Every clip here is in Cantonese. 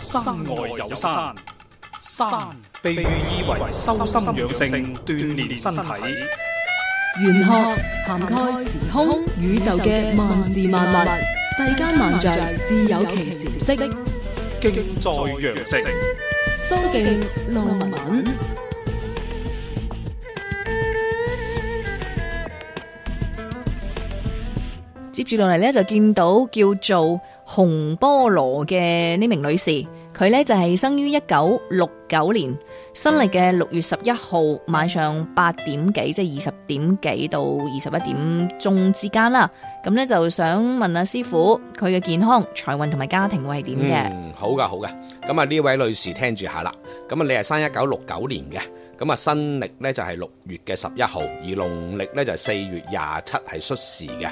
山外有山，有山被寓意為修心養性、鍛煉身，身，身，身，身，身，身，身體。玄學涵蓋時空宇宙嘅萬事萬物，世間萬象自有其形式。敬在羊城，蘇敬陸文，文接住落嚟咧，就見到叫做。紅菠蘿嘅呢名女士，佢呢就係、是、生於一九六九年，新曆嘅六月十一號晚上八點幾，即係二十點幾到二十一點鐘之間啦。咁呢就想問下、啊、師傅，佢嘅健康、財運同埋家庭會係點嘅？好嘅，好嘅。咁啊呢位女士聽住下啦。咁啊你係生一九六九年嘅，咁啊新曆呢就係六月嘅十一號，而農曆呢就係四月廿七係戌時嘅。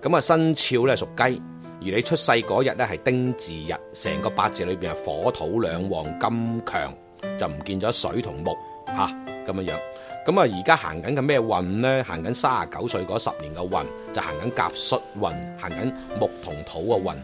咁啊生肖呢屬雞。而你出世嗰日咧，係丁字日，成個八字裏邊係火土兩旺，金強就唔見咗水同木吓，咁樣樣。咁、嗯、啊，而家行緊嘅咩運咧？行緊三十九歲嗰十年嘅運，就行緊甲戌運，行緊木同土嘅運。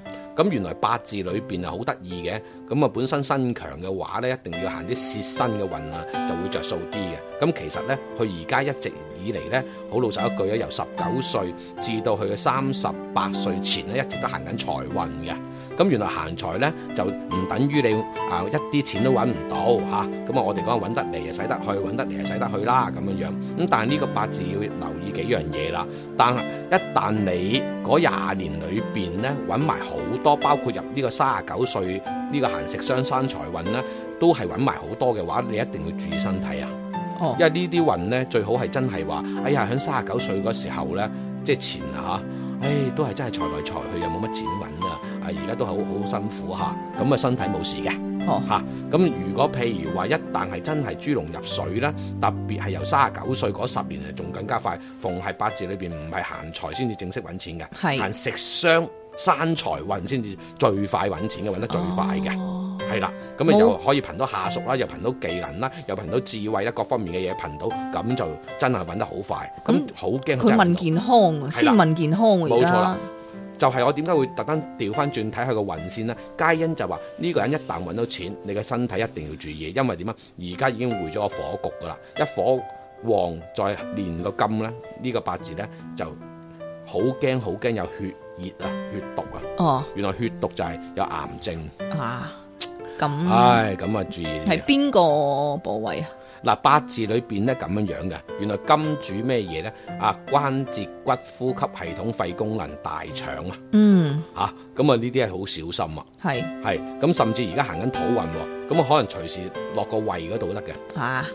咁原來八字裏面啊好得意嘅，咁啊本身身強嘅話呢一定要行啲泄身嘅運啊，就會着數啲嘅。咁其實呢，佢而家一直以嚟呢，好老實一句咧，由十九歲至到佢嘅三十八歲前呢一直都行緊財運嘅。咁原來行財咧就唔等於你啊一啲錢都揾唔到嚇，咁啊我哋講揾得嚟啊使得去，揾得嚟啊使得去啦咁樣樣。咁但呢個八字要留意幾樣嘢啦。但係一旦你嗰廿年裏面咧揾埋好多，包括入呢個三十九歲呢個行食傷生財運咧，都係揾埋好多嘅話，你一定要注意身體啊。哦，因為運呢啲運咧最好係真係話，哎呀喺三十九歲嗰時候咧，即係、哎、錢啊嚇，唉都係真係財來財去又冇乜錢揾啊。而家都好好辛苦哈，咁啊身體冇事嘅，吓、oh. 咁、啊、如果譬如話一旦係真係豬籠入水啦，特別係由卅啊九歲嗰十年嚟，仲更加快。逢係八字裏邊唔係行財先至正式揾錢嘅，係行食傷生財運先至最快揾錢嘅，揾得最快嘅，係、oh. 啦。咁啊又可以憑到下屬啦，又憑到技能啦，又憑到智慧啦，各方面嘅嘢憑到，咁就真係揾得好快。咁好驚佢問健康、啊、先問健康冇錯啦，而家。就係、是、我點解會特登調翻轉睇下個運線呢？皆因就話呢、這個人一旦揾到錢，你嘅身體一定要注意，因為點啊？而家已經回咗個火局噶啦，一火旺再連個金呢，呢、這個八字呢，就好驚好驚有血熱啊、血毒啊。哦，原來血毒就係有癌症啊。咁，唉，咁啊，注意。係邊個部位啊？嗱，八字裏邊咧，咁樣樣嘅，原來金主咩嘢咧？啊關節骨、呼吸系統、肺功能、大腸啊，嗯，吓咁啊呢啲係好小心啊，係係咁，甚至而家行緊土運，咁啊可能隨時落個胃嗰度都得嘅，係、啊。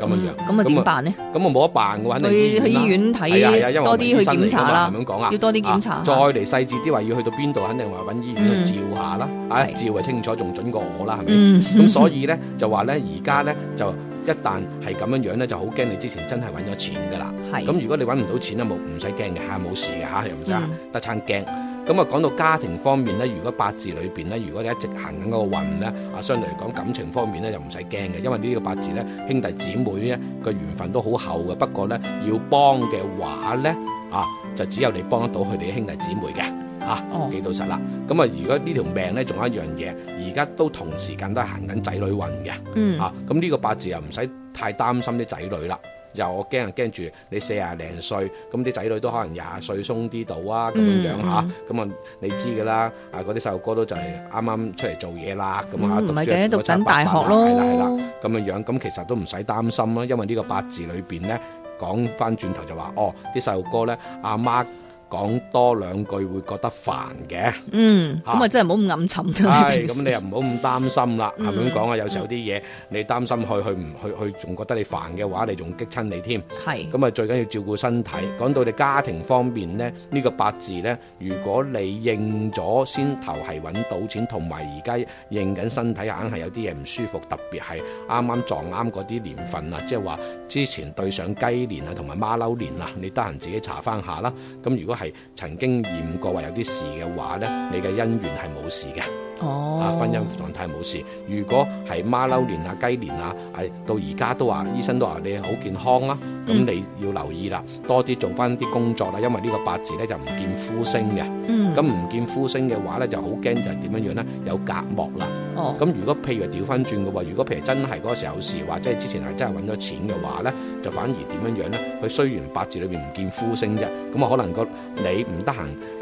咁、嗯、樣咁啊點辦咧？咁啊冇得辦嘅話，你醫去醫院睇，多啲去檢查啦。要多啲檢查、啊，再嚟細緻啲話，要去到邊度，肯定話揾醫院去照下啦、嗯。啊，照係清楚，仲準過我啦，係、嗯、咪？咁、嗯、所以咧，就話咧，而家咧就一旦係咁樣樣咧，就好驚你之前真係揾咗錢噶啦。係咁，如果你揾唔到錢咧，冇唔使驚嘅，係冇事嘅嚇，又唔使得撐驚。咁啊，講到家庭方面咧，如果八字裏面咧，如果你一直行緊嗰個運咧，啊，相對嚟講感情方面咧，就唔使驚嘅，因為呢個八字咧，兄弟姊妹咧個緣分都好厚嘅。不過咧，要幫嘅話咧，啊，就只有你幫得到佢哋兄弟姊妹嘅，啊、哦，記到實啦。咁啊，如果呢條命咧，仲有一樣嘢，而家都同時間都係行緊仔女運嘅、嗯，啊，咁呢個八字又唔使太擔心啲仔女啦。又我驚就驚住你四廿零歲，咁啲仔女都可能廿歲鬆啲到啊咁樣樣嚇，咁、嗯、啊你知㗎啦，啊嗰啲細路哥都就係啱啱出嚟做嘢啦，咁、嗯、啊讀書如果差百係啦係啦，咁、哦、樣樣咁其實都唔使擔心啦，因為呢個八字裏面咧講翻轉頭就話，哦啲細路哥咧阿媽。講多兩句會覺得煩嘅，嗯，咁啊真係唔好咁暗沉。咁你又唔好咁擔心啦，係咁講啊。有時候有啲嘢、嗯、你擔心去去唔去去，仲覺得你煩嘅話，你仲激親你添。係，咁啊最緊要照顧身體。講到你家庭方面呢，呢、呢個八字呢，如果你應咗先頭係搵到錢，同埋而家應緊身體，硬係有啲嘢唔舒服，特別係啱啱撞啱嗰啲年份啊，即係話之前對上雞年啊，同埋馬騮年啊，你得閒自己查翻下啦。咁如果，係曾經驗過，話有啲事嘅話咧，你嘅姻緣係冇事嘅。哦、oh. 啊，婚姻狀態冇事。如果係孖騮年啊、雞年啊，誒、啊、到而家都話，醫生都話你好健康啦、啊。咁你要留意啦，mm. 多啲做翻啲工作啦。因為呢個八字咧就唔見夫星嘅。嗯，咁唔見夫星嘅話咧，就好驚就點樣樣咧？有隔膜啦。哦，咁如果譬如調翻轉嘅話，如果譬如真係嗰時候有事，或者之前係真係揾咗錢嘅話咧，就反而點樣樣咧？佢雖然八字裏邊唔見夫星啫，咁啊可能個你唔得閒誒。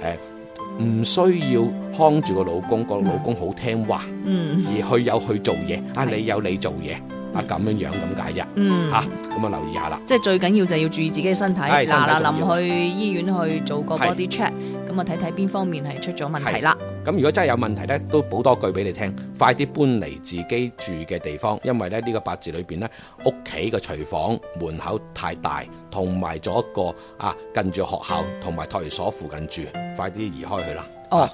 哎唔需要看住個老公，個老公好聽話，嗯、而佢有佢做嘢，啊你有你做嘢。啊咁樣樣咁解啫，嗯吓，咁啊就留意下啦。即係最緊要就要注意自己嘅身體，嗱嗱臨去醫院去做個 body check，咁啊睇睇邊方面係出咗問題啦。咁如果真係有問題咧，都補多句俾你聽，快啲搬嚟自己住嘅地方，因為咧呢個八字裏邊咧屋企嘅廚房門口太大，同埋咗一個啊近住學校同埋托兒所附近住，快啲移開去啦。哦。啊